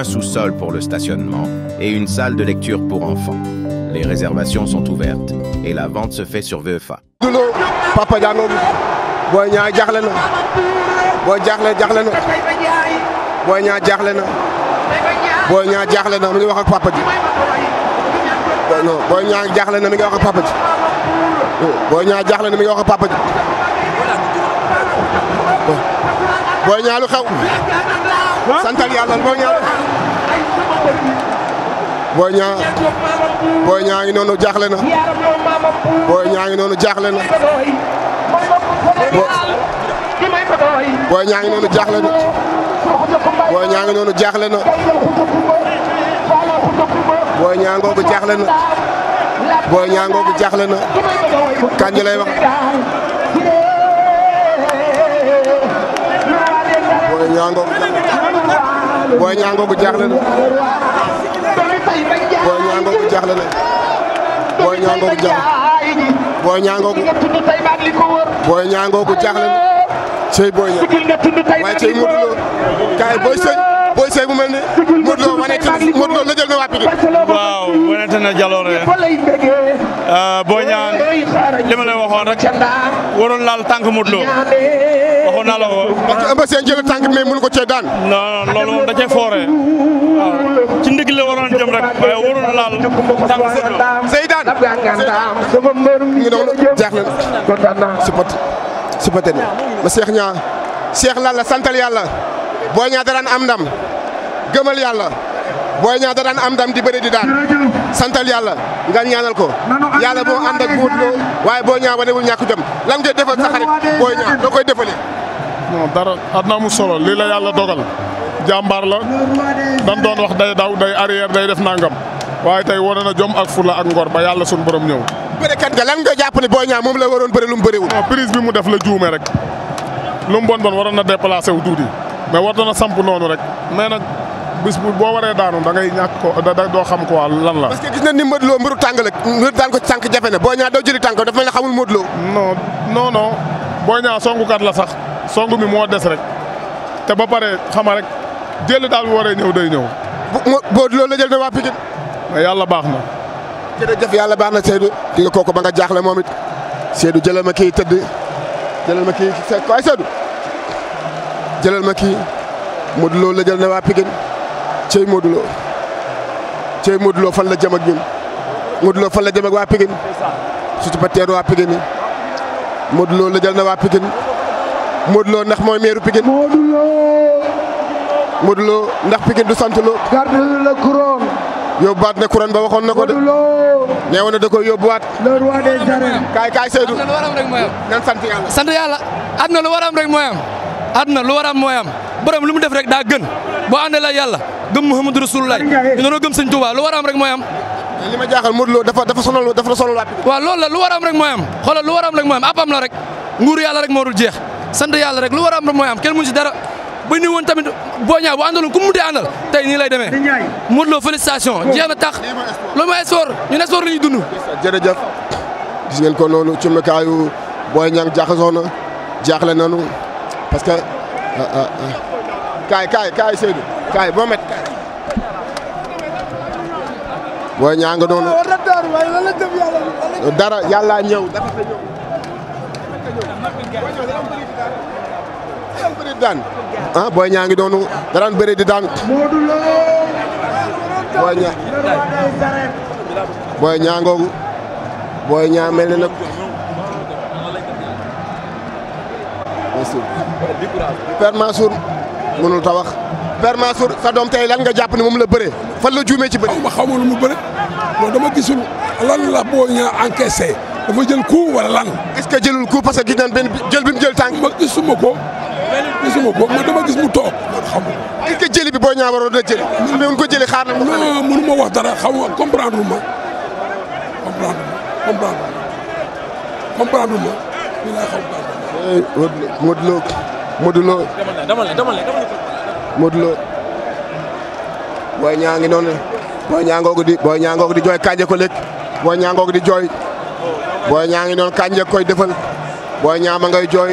un sous-sol pour le stationnement et une salle de lecture pour enfants. Les réservations sont ouvertes et la vente se fait sur VEFA. Papa Diallo Boy Niang jaaxle na Boy jaaxle jaaxle na Boy Niang papa ji booy ñaalu xew. santal yàlla booy ñaalu xew. booy ñaa noonu jaaxle na. booy ñaa ngi noonu jaaxle na. booy ñaa ngi noonu jaaxle na. booy ñaa ngi noonu jaaxle na. booy ñaa ngoogu jaaxle na. booy ñaa ngoogu jaaxle na. kan lay wax. nga ñaangoog booy ñaangoog jaaxle na booy ñaangoog jaaxle na booy ñaangoog jaaxle booy ñaangoog booy ñaangoog jaaxle na cey booy ña waaye cey Modou Lo kaay booy sëñ booy mel ni Modou wane Modou na jaloore ah, booy ñaan li ma lay waxoon rek laal tànk Modou waxoon naa la ko. jël tànk mais mënu ko cee daan. loolu moom da cee fooree waaw ci ndig la waroon jëm rek waaye waroon laal tànk foofu la. Seydane Seydane mu ngi noonu ñaa Cheikh lan la santal yàlla booy ñaa am ndam gëmal yàlla. booy ñaa daan am ndam di bëri di daan santal yàlla nga ñaanal ko yàlla moo ànd ak boo waaye boo ñaa wanewul ñàkk jom lan ngay defal booy ñaa doo koy defalee non dara adna mu solo lii la yàlla dogal jàmbaar la dan doon wax day daw day arrière day def naa nangam waaye tey wane na jom ak fula ak ngor ba yàlla suñu borom ñëw. bërekat nga lan nga jàpp ne Boy Niang moom la waroon bëri lu mu bëriwul. non prise bi mu def la juume rek lu mu waroon na déplacé wu tuuti mais war na samp noonu rek mais nag bis bu boo waree daanu da ngay ñàkk ko da doo xam ko quoi lan la. parce gis nañ ni Modou Lo mbiru tàng la nga daan ko tànk jafe na Boy Niang doo jëli tànk dafa mel ne xamul Modou Lo. non non non la sax. song mi moo des rek te ba pare xama rek jël daal bu waree ñëw day ñëw. boo loolu la jël waa Pikine. mais yàlla baax na. jërëjëf yàlla baax na Seydou ki nga kooku ba nga jaaxle moom it Seydou jëlal ma kii tëdd jëlal ma kii waaye Seydou jëlal ma kii Modou Lo la waa Pikine cey Modou Lo cey Modou fan la jëm ak ñun Modou fan la jëm ak waa Pikine surtout waa Pikine yi Modou Lo la jël na waa Pikine Modou Lo ndax mooy meeru Pikine. Modou Lo. Modou Lo ndax Pikine du sant loo garde la couronne. yóbbuwaat na couronne ba waxoon na ko de. Modou Lo. nee woon na da koy yóbbuwaat. le roi des arènes. kaay kaay Seydou. na lu waram rek mooy am. nan sant yàlla. sant yàlla àdduna lu waram rek mooy am. lu waram mooy am borom lu mu def rek daa gën boo àndee la yàlla gëm Muhammadu Rasulullah ñu doon gëm Sëñ Tuubaa lu waram rek mooy am. li ma jaaxal Modou Lo dafa dafa sonal dafa sonal waa Pikine. waaw loolu la lu waram rek mooy am xoolal lu waram rek mooy am apam la rek nguuru rek moo jeex sant yàlla rek lu war a am mooy am kenn mënu ci dara ba ni woon tamit boo ñaa bu àndaloon ku mu dee àndal tey nii lay demee Modou Lo félicitation jeex na tax loolu mooy sport ñun sport la ñuy dund jërëjëf gis ngeen ko noonu cummikaayu Boy Niang jaxasoo na jaaxle nanu parce que kaay kaay kaay Seydou kaay boo met kaay Boy noonu dara yàlla ñëw dafa daan ah, booy ñaa ngi doonu daan bëri di daan booy ñaa booy ñaa booy ñaa mel ni nag Père Mansour mënul ta sa doom tey lan nga jàpp ni moom la bëre fan la juumee ci bëri ma xaw ma lu dama gisul lan la booy ñaa encaissé dafa jël coup wala lan. est-ce que jëlul coup parce que gis nañ jël bi mu jël tànk. ma gisuma gis mu toog man que jëli bi boo ñaaw waroon na jëli. ñun mun ko jëli xaar na. non mënuma wax dara xaw ma comprendre ma comprendre Lo Modou Lo. demal Lo. booy ñaa ngi noonu booy ñaa ngoogu di di jooy kànja ko léegi booy ñaa ngoogu di jooy. booy ñaa ngi noonu kànja koy defal booy ñaa ma ngay jooy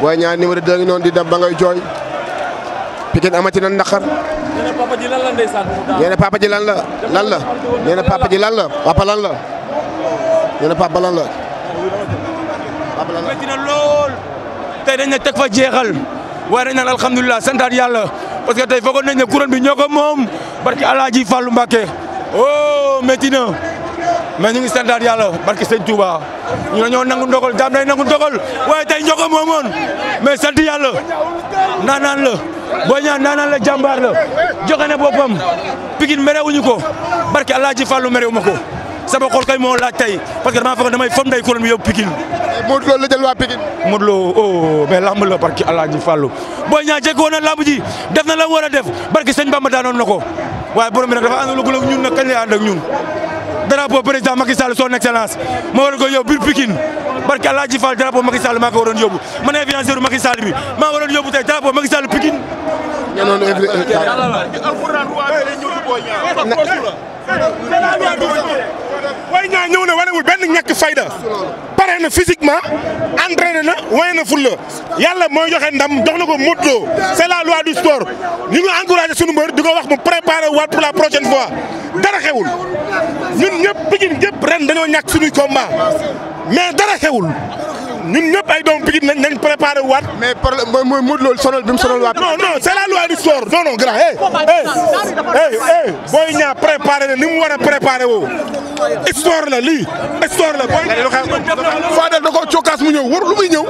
booy ñaa numéro 2 ngi noonu di dem ba ngay jooy Pikine amati na naqar. nee ji lan la ndeysaan nee na papa ji lan la lan la na papa ji lan la lool. tey dañ ne teg fa jeexal waaye dañ naan alhamdulilah yàlla parce que tey foogoon nañ ne couronne bi ñoo moom barki Alaaji Fallou Mbacké oh métti mais ñu ngi santaat yàlla barki sëñ Touba ñu ñoo nangu ndogal jàmm day nangu ndogal waaye tey ñoo ko moomoon mais sant yàlla naanaan la boo ñaan naanaan la jàmbaar la joxe na boppam Pikine merewuñu ko barki Alaaji Fàllu merewuma ko sama xol kay moo laaj tey parce que damaa foog damay fom day kuréel bi yóbbu Pikine. Modou Lo la jël waa Pikine. Modou Lo oh mais la barki Alaaji Fàllu boo ñaan jekk woon na lamb ji def na la war a def barki sëñ Bamba daanoon na ko waaye borom bi nag dafa àndal ak ñun nag kañ ak ñun. drapeau président Macky Sall son excellence ma waroon koy yóbbu biir Pikine barke El Hadj Fall drapeau Macky Sall maa ko waroon yóbbu man influenceur Macky Sall bi maa waroon yóbbu tey drapeau Macky Sall Pikine. pare na physiquement entraîné na wane na fulla yàlla mooy joxe ndam jox na ko Modou Lo c'est la loi du sport ñu ngi encouragé sunu mbër di ko wax mu préparé waat pour la prochaine fois dara xewul ñun ñëpp Pikine ñëpp ren ñakk ñàkk suñuy combat mais dara xewul ñun ñëpp ay doom Pikine nañ nañ préparé waat. mais problème mooy mooy loolu sonal bi mu sonal waat. non non c'est la loi du sport grand eh eh eh booy ñaa préparé na ni mu war a préparé woo histoire la lii histoire la booy. Fadel da koo cokkaas mu ñëw war lu muy ñëw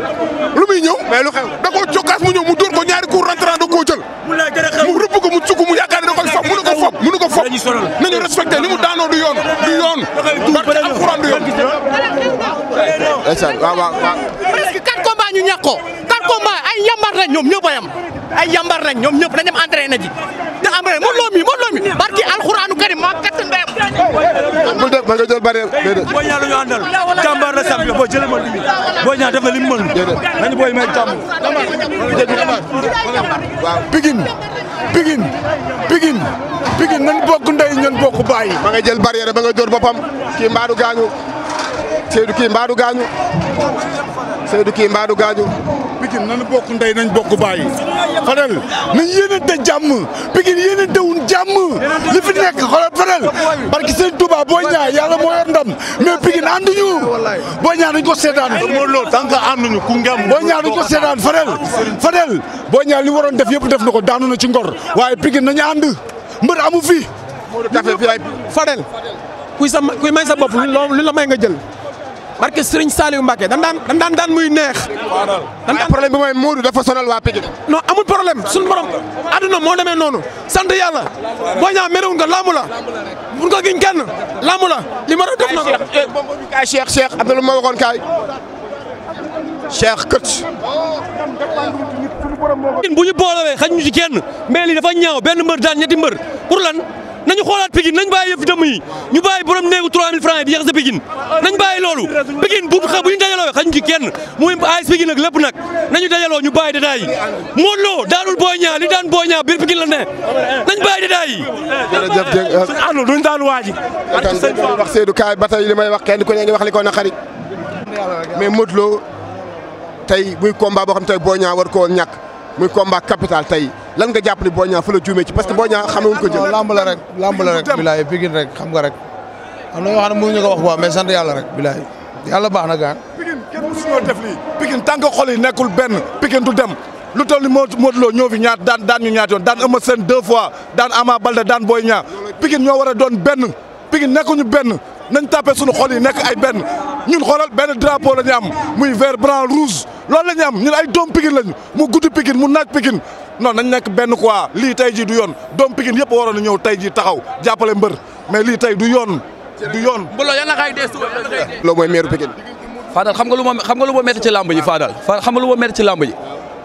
lu muy ñëw. mais lu xew da cokkaas mu ñëw mu dóor ko ñaari coups rentrant da koo jël. mu rëbb ko mu cukk mu yaakaar ne fob mënu ko fob nañu respecté ni mu daanoo du yoon du yoon. du yoon. ndeysaan waaw waaw presque quatre combats ñu ñàkk ko quatre ñoom ñëpp a yam ay yambar lañ ñoom ñëpp dañu am entraîné ji te entraîné moom loo mi moom loo mi barki alxuraanu karim maa kattan ba ma nga jël barrière ma li mi boo ba nga dóor boppam kii mbaadu gaañu Seydou kii mbaadu gaañu Seydou kii mbaadu gaañu. Pikine nañu bokk ndey nañ bokk bàyyi Fadel nañ yéenante jàmm Pikine yéenante wuñ li fi nekk xoolal Fadel parce que sëñ Touba Boy Niang yàlla moo yor ndam mais Pikine ànduñu Boy Niang dañ ko seetaan tant que ànduñu ku ngam Boy Niang dañ ko seetaan Fadel Fadel Boy Niang li waroon def yëpp def na ko daanu na ci ngor waaye Pikine nañu ànd mbër amu fi Fadel kuy sa kuy may sa bopp lu la nga jël barke Serigne Saliou Mbacké dan daan dan daan daan muy neex. dan daan problème bi mooy Modou dafa sonal waa Pikine. non amul problème suñu borom àdduna moo demee noonu sant yàlla boo ñaa merewul nga laamu la bu giñ kenn laamu la li ma def na ko. Eh, kaay Cheikh Cheikh am na lu ma waxoon kaay Cheikh kët. bu ñu boolewee xaj ñu kenn mais lii dafa ñaaw benn mbër daan ñetti mbër pour lan. nañu xoolaat Pikine nañ bàyyi yëf dëmm ñu bàyyi borom néegu 3000 francs yi di yàq sa Pikine nañ bàyyi loolu Pikine bu xa bu ñu dajaloo xañ ci kenn muy AS Pikine nag lépp nag nañu dajaloo ñu bàyyi détails yi Modou Lo daanul Boy Niang li daan Boy Niang biir Pikine la ne nañ bàyyi détails yi jërëjëf jë suñ àndul duñ daan waaji wax Seydou Kaay ba tey li may wax kenn ku ne ngi wax li ko naqari mais Modou Lo tey muy combat boo xam tey Boy ñaa war ko woon ñàkk muy combat capital tey lan nga jàpp ni Boy Niang fa la juumee ci parce que Boy Niang xamewuñ ko jël. lamb la rek lamb la rek bilaay Pikine rek xam nga rek am na yoo xam ne mënuñu ko wax waaw mais sant yàlla rek bilaay yàlla baax na gaan Pikine kenn mësuñoo def lii Pikine tant que xol yi nekkul benn Pikine du dem lu toll ni Modou loo ñoo fi ñaat daan daan ñu ñaat yoon daan Eumeu Sène deux fois daan Ama Baldé daan Boy Niang Pikine ñoo war a doon benn Pikine nekkuñu benn nañ tàppe suñu xol yi nekk ay benn ñun xoolal benn drapeau la ñu am muy vert blanc rouge loolu la ñu am ñun ay doom Pikine lañu mu guddi Pikine mu naaj Pikine non nañ nekk benn quoi lii tey jii du yoon doom Pikine yëpp waroon na ñëw tey jii taxaw jàppale mbër mais lii tey du yoon du yoon. mbooloo yàlla kay dee suba yàlla kay dee. loolu mooy meeru Pikine. Fadal xam nga lu ma xam ci làmb ji Fadal xam lu ma métti ci làmb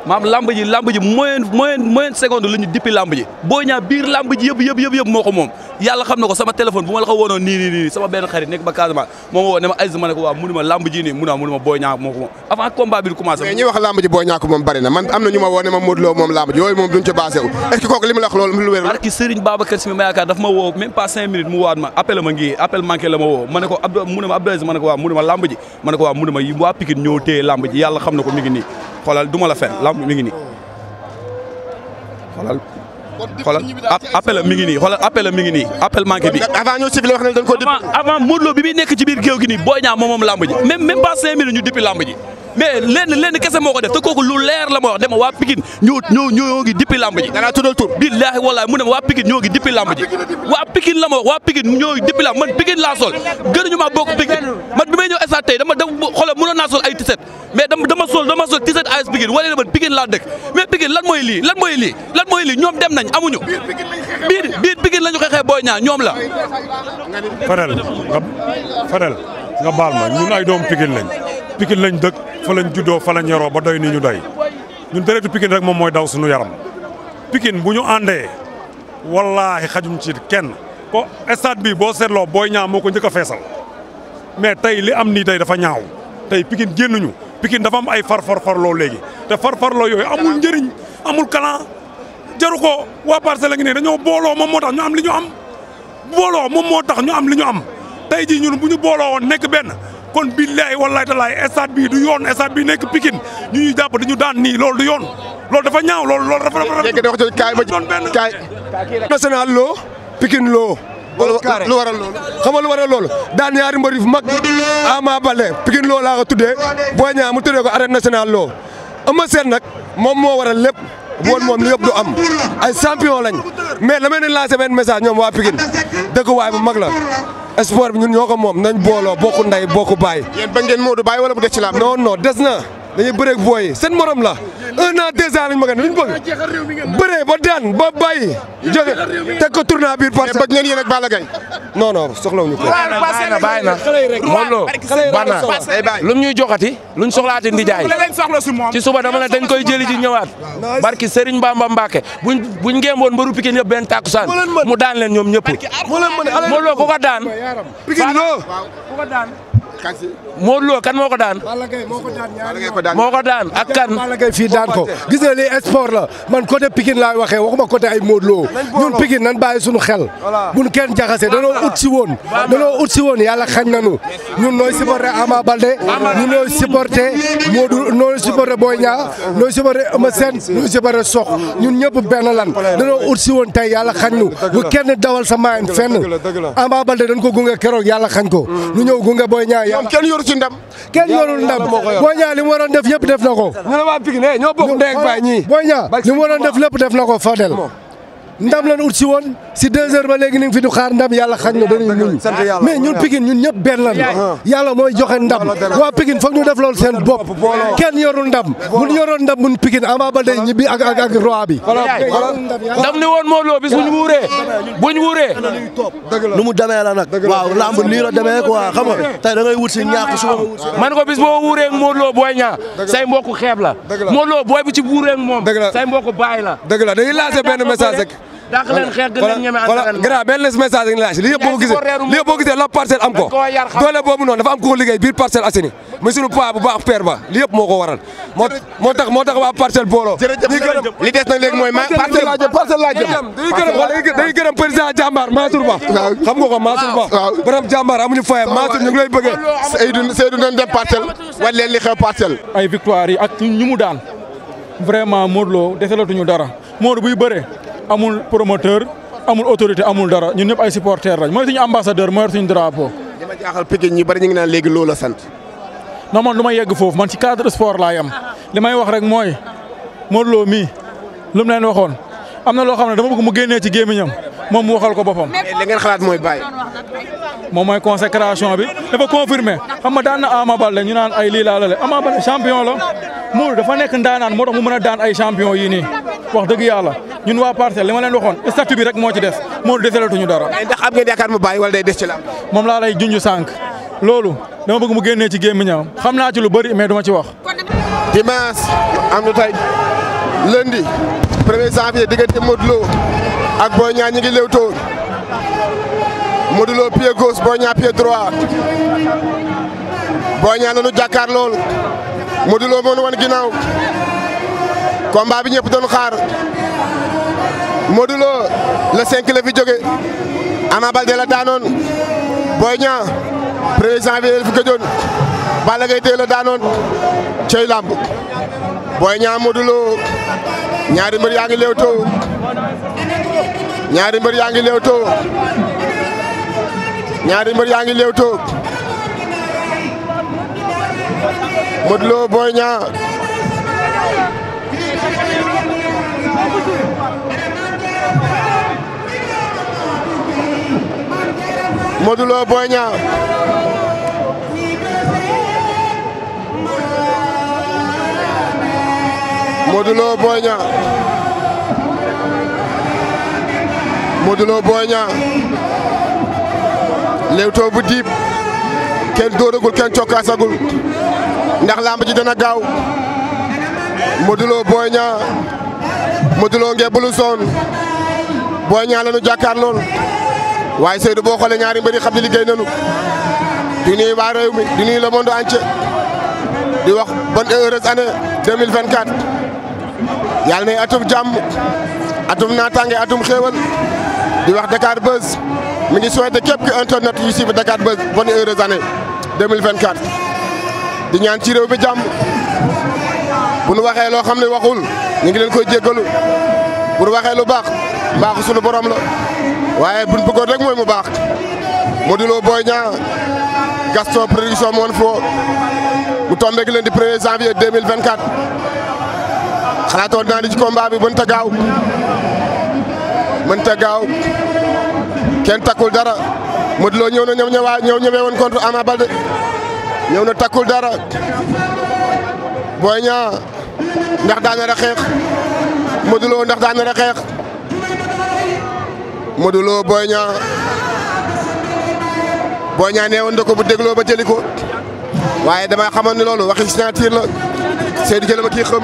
maam lamb ji lamb ji moyenne moyenne moyenne seconde la ñu dippi lamb ji Boy biir lamb ji yëpp yëpp moo ko moom yàlla xam na ko sama téléphone bu ma la woonoon nii nii sama benn xarit nekk ba Casamance moo woo ne ma Aziz ma ko waaw mënu ma lamb nii mun naa mënu ma Boy Niang moo ko moom avant combat bi di commencé mais wax lamb ji Boy ko moom bari na am na ñu ma woo ne ma Modou Lo moom lamb yooyu moom duñ ca basé wu kooku li ko Abdou xoolal du ma la fen lamb mi ngi nii xoolal. xoolal appel mi ngi nii xoolal appel mi ngi nii appel manqué bi. avant ñoo sifflé wax na dañ ko. avant Modou Lo bi nekk ci biir géew gi nii Boy Niang moom moom lamb ji. même même pas ñu depuis lamb ji. mais lenn lenn kese moo ko def te kooku lu leer la ma wax dama waa Pikine ñoo ñoo ñoo ngi dippi lamb ji. danaa tuddal tur. billaahi wallaahi mu ne waa Pikine ñoo dippi lamb waa Pikine la ma wax waa Pikine ñoo dippi lamb man Pikine laa sol gënuñu maa bokk Pikine man bi may ñëw instant tey dama sol dama sol dama sol tiset AS Pikine wala man Pikine laa dëkk mais Pikine lan mooy lii lan mooy lii ñoom dem nañ amuñu biir biir Pikine la xeexee booy ñaa ñoom la Fadel nga Fadel nga baal ma ñun ay doom Pikine lañ Pikine lañ dëkk fa lañ juddoo fa lañ yaroo ba doy nii ñu doy ñun deretu Pikine rek moom mooy daw suñu yaram Pikine bu ñu àndee wallaahi xajum ci kenn ko stade bi boo seetloo booy ñaaw moo ko njëkk a feesal mais tey li am nii tey dafa ñaaw tey Pikine génnuñu Pikine dafa am ay farfarfarloo léegi te farfarloo yooyu amul njëriñ amul kalan jaru ko waa parcelle la ngi ne dañoo booloo moom moo tax ñu am li ñu am booloo moom moo tax ñu am li ñu am tey jii ñun bu ñu booloo woon nekk benn kon billahi wallahi talaay stade bii du yoon stade bii nekk Pikine ñu ñuy jàpp dañu daan nii loolu du yoon loolu dafa ñaaw loolu loolu dafa dafa yegg wax kaay ma loo Pikine loo lu waral loolu xam nga lu waral loolu daan ñaari mbër yu mag Ama Baldé Pikine loo laa ko tuddee Boy Niang mu tuddee ko arène national loo ama seen nag moom moo waral lépp woon moom li yëpp du am ay champion lañ mais dama leen lancé benn message ñoom waa Pikine dëkkuwaay bu mag la sport bi ñun ñoo ko moom nañ booloo bokku ndey bokku baay. yéen ba ngeen Modou Baye wala bu des ci laa. non non des na. dañuy bëreeg booy seen morom la un an deux ans lañ ma gën luñ bëgg bëree ba daan ba bàyyi jóge teg ko tournoi biir parce que bëgg ngeen yéen ak Balla Gaye non non na bàyyi na Modou Lo luñ soxlaati ndi jaay ci suba dama ne dañ koy jëli ji ñëwaat barki Serigne Bamba Mbacke buñ buñ ngémboon mbaru Pikine yëpp benn tàkkusaan mu daan leen ñoom ñëpp Modou Lo ku ko daan daan Modou Lo kan moo ko daan. Balla Gaye ko daan ñaari moo ko daan ak kan. Balla Gaye fii daan ko gis nga lii sport la man côté Pikine laay waxee waxuma côté ay Modou Lo ñun Pikine nan bàyyi suñu xel. buñ kenn jaxase danoo ut si woon. danoo ut si woon yàlla xañ nañu ñun nooy supporté Ama Baldé ñun nooy supporté Modou nooy supporté Boy Niang nooy supporté Eumeu Sène nooy supporté Sokh ñun ñëpp lan danoo ut si woon tey yàlla xañ nu bu kenn dawal sa maayam fenn Ama Baldé dañ ko gunge keroog yàlla xañ ko mm. moom kenn yoru ndam kenn yorul ndam Boy Niang li def yëpp def na ko ñu ne waa eh, def lépp def na ko Fadel ndam lañ ut si woon si deux heures ba léegi ni ngi fi du xaar ndam yàlla xañ na dañuy muñ mais ñun Pikine ñun ñëpp benn lañu yàlla mooy joxe ndam waa Pikine foog ñu def loolu seen bopp kenn yorul ndam mun yoroon ndam mun Pikine Ama Baldé ñibbi ak ak ak roi bi ndam ni woon Modou Lo bis buñ wuuree buñ wuuree nu mu demee la nag waaw lamb nii la demee quoi xam nga da ngay wut si ñaax suba man ko bis boo wuuree ak Modou Lo booy ñaa say la Modou Lo booy bu ci wuuree ak moom say mbokk bàyyi la dëgg la dañuy lancer benn message rek dàq leen xeex gën leen ñeme entraînement grand benn message ngi laaj li yëpp boo gisee li yëpp boo gisee la parcelle am ko doole boobu noonu dafa am ku ko liggéey biir parcelle Assainies muy sunu paa bu baax père ba li yëpp moo ko waral moo moo tax moo tax waa parcelle booloo li des nag léegi mooy parcelle laa jëm parcelle laa jëm dañuy gërëm président jàmbaar Mansour Ba xam nga ko Mansour Ba borom jàmbaar amuñu faye Mansour ñu ngi lay bëggee Seydou Seydou nañ dem parcelle wala leen li xew parcelle ay victoire yi ak ñu mu daan vraiment Modou Lo desalatuñu dara Modou buy bëree amul promoteur amul autorité amul dara ñun ñëpp ay supporters lañ mooy suñu ambassadeur mooy suñu drapeau. li ma jaaxal Pikine ñi bari ñu ngi naan léegi sant. non man du ma yegg foofu man ci cadre sport laa yem li may wax rek mooy Modou Lo mii lu mu waxoon am na loo xam ne dama bëgg mu génnee ci gémmiñam moom mu waxal ko boppam. li ngeen xalaat mooy bàyyi. moom mooy consécration bi dafa confirmé xam ma daan na Ama le ñu naan ay lii laa la Ama Baldé la Modou dafa nekk ndaanaan moo tax mu mën a daan ay champion yii wax dëgg yàlla. ñun waa parcelle li ma leen waxoon statut bi rek moo ci def moo desalatuñu dara. mais ndax am ngeen yaakaar mu bàyyi wala day des ci moom laa lay junj sànq loolu dama bëgg mu génnee ci gémmiñam xam naa ci lu bëri mais duma ci wax. dimanche am na tey lundi premier janvier diggante Modou Lo ak Boy Niang ñi ngi léwtoo Modou Lo pied gauche Boy Niang pied droit Boy Niang la lool Modou moo ñu wan ginnaaw. combat bi ñëpp doon xaar Modou Lo le 5 la fi jóge Ama Baldé la daanoon Boy Niang premier janvier la fi gëjoon Balla la daanoon cey làmb Boy Niang Modou ñaari mbër yaa ngi léewtoo ñaari mbër yaa ngi léewtoo ñaari yaa ngi léewtoo Modou Lo Boy Niang Modou Lo Boy Niang Modou Lo Boy Niang Leewtoo bu diib kenn dóoragul kenn cokkaasagul ndax làmb ji dana gaaw Modou Lo Boy Niang Modou Lo ngeebulu soon Boy Niang la ñu lool waaye Seydou boo xoolee ñaari mbëri xam ne liggéey nañu di nuyu waa réew mi di nuyu le monde entier di wax bonne et heureuse année 2024 yàlla nay atum jàmm atum naataange atum xéewal di wax Dakar Buzz mi ngi souhaité képp ki internet yu suivre Dakar Buzz bonne et heureuse année 2024 di ñaan ci réew mi jàmm bu nu waxee loo xam ne waxul ñu ngi leen koy jéggalu bu nu waxee lu baax mbaaxu sunu boroom la waaye buñ bëggoon rek mooy mu baax Modou Lo Boy Niang Gaston production moon fo mu tombé ak lundi 1er janvier 2024 xalaatoon naa di ci combat bi mënta gaaw mënta gaaw kenn takkul dara Modou Lo ñëw na ñëw ñëwaa ñëw ñëwee woon contre Ama Baldé ñëw na takkul dara Boy Niang ndax daan na xeex Modou Lo ndax daan na xeex Modou Lo Boy Niang Boy Niang woon ko bu dégloo ba jëli ko waaye dama xamoon ne loolu waxi signature la Seydou Jëlama kii xam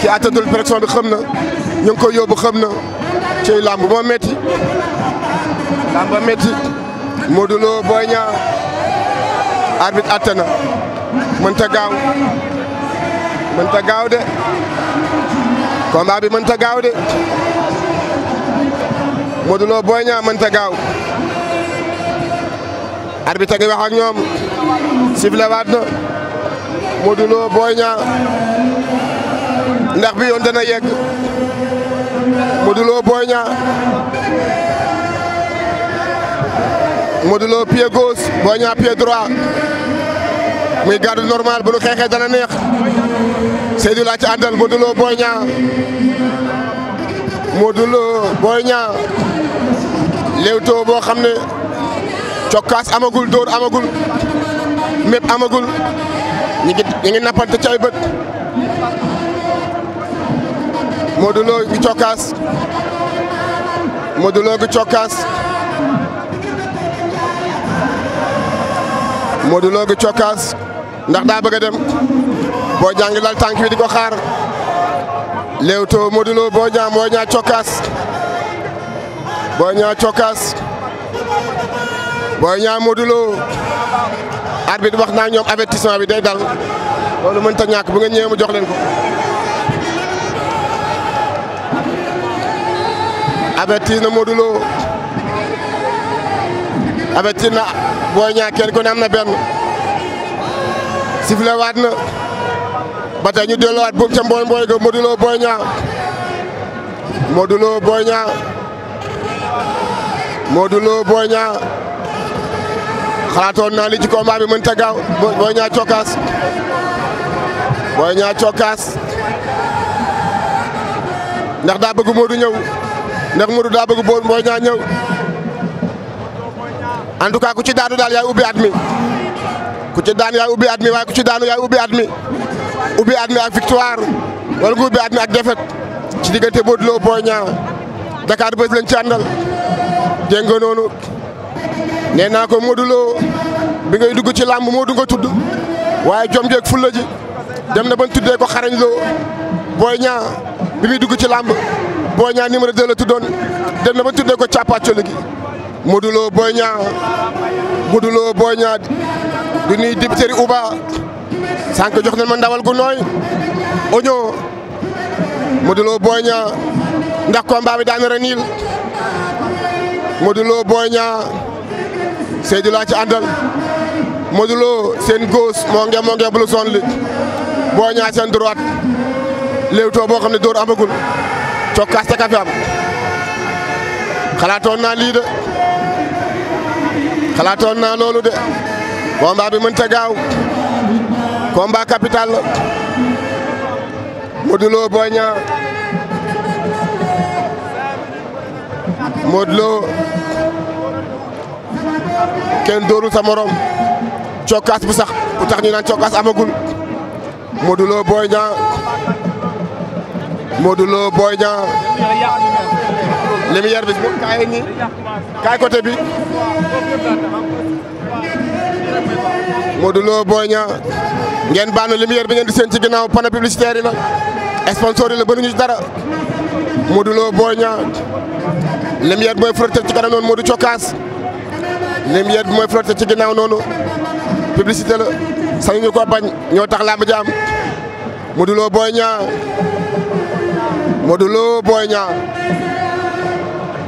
ki attatul pression bi xam na ñu ngi koy yóbbu xam na ci làmb moo metti làmb ba metti Modou Lo Boy Niang arbitre atte na mënta gaaw mënta gaaw de combat bi mënta gaaw de Modou Lo Boy Niang mënta gaaw arbitre gi wax ñoom sifflé waat na Modou Lo ndax bi yoon dana yegg Modou Lo Boy Niang Modou Lo pied gauche Boy Niang pied droit muy garde normal bu nu xeexee dana neex Seydou laa ci àndal Modou Lo Boy Niang Modou Lo Boy léewtoo boo xam ne cokkaas amagul dóor amagul mépp amagul ñu ngi ñu ngi nappante ci ay bët Modou Lo gi cokkaas Modou gi cokkaas ndax daa bëgg a dem boo jàngi lal tànk bi di ko xaar léewtoo Modou Lo boo ñaa boo ñaa cokkaas Boy Niang Cokaas Boy Niang Modou Lo wax naa ñoom avertissement bi day dal loolu mënta ñàkk bu ngeen ñëwee mu jox leen ko avertir na Modou Lo avertir na Boy Niang kenn na benn sifflé waat na ba tey ñu delluwaat buum ca mbooy mbooy ga Modou Lo Boy Niang Modou Lo Modou Lo Boy Niang xalaatoon naa li ci combat bi mënta gaaw Boy Niang cokkaas Boy Niang cokkaas ndax daa bëgg Modou ñëw ndax Modou daa bëgg Boy Niang ñëw en tout cas ku ci daanu daal yaay ubbi at mi ku ci daan yaay ubbi at mi waaye ku ci daanu yaay ubbi at mi ubbi at ak victoire wala nga ubbi at mi ak défaite ci diggante Modou Lo Boy Niang Dakar Buzz lañ ci àndal dégg nga noonu nee naa ko Modou Lo bi ngay dugg ci làmb Modou nga tudd waaye jom jeeg fulla ji dem na ban tuddee ko xarañ loo Boy Niang bi muy dugg ci làmb Boy Niang numéro 2 la tuddoon dem na ba tuddee ko càppaacoli gi Modou Lo Boy Niang Modou Lo Boy Niang du nuy dibiteri uba jox na ma ndawal gu nooy oño Modou Lo Boy Niang ndax combat bi Modou Lo Boy Niang Seydou laa ci àndal Modou seen gauche moo nge bulu son li Boy Niang seen droite léewtoo boo xam ne dóor amagul cokkaas te ka am xalaatoon naa lii de xalaatoon naa loolu de combat bi mënta gaaw combat capital la Modou Lo Boy Modou Lo kenn dóorul sa moroom cokkaas bu sax bu tax ñu naan cokkaas amagul Modou Lo Boy Niang Modou Lo Boy Niang lumière bi kaay ni kaay côté bi Modou Lo Boy Niang ngeen baanu lumière bi ngeen di seen ci ginnaaw panneau publicitaire la sponsor yi la bëri ñu dara Modou Lo Lumière mooy frotté ci kanam noonu Modou Cokaas Lumière mooy frotté ci ginnaaw noonu publicité la sañu ñu ko bañ ñoo tax làmb jaam Modou Lo Boy Niang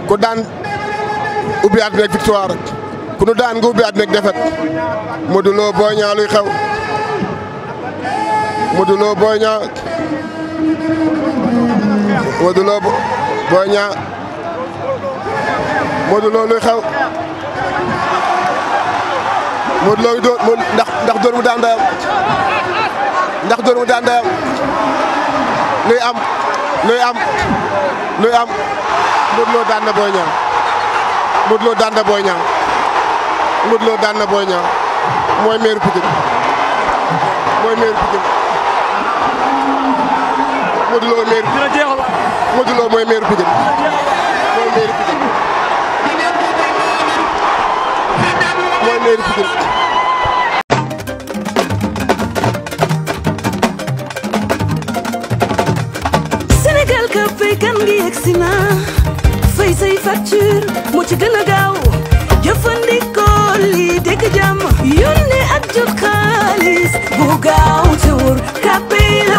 ku daan ubbi at meeg victoire ku nu daan nga ubbi at meeg défaite Modou Lo Boy luy xew Modou Lo Boy Niang Modou Lo Modou Lo luy xew Modou Lo dóor ndax ndax dóor mu daan ndayam ndax dóor mu daan ndayam luy am luy am luy am Modou Lo daan na Boy Niang Modou Lo daan na Boy Niang Modou Lo daan na Boy Niang mooy meeru Pikine mooy meeru Pikine Modou Lo meeru Modou Lo mooy meeru Pikine mooy meeru Pikine mairie Pikine kan gi yegsi na fay say facture moo ci gën a gaaw jëfandikoo lii dégg jàmm yónnee ak jot xaalis bu gaaw te wóor kàppe la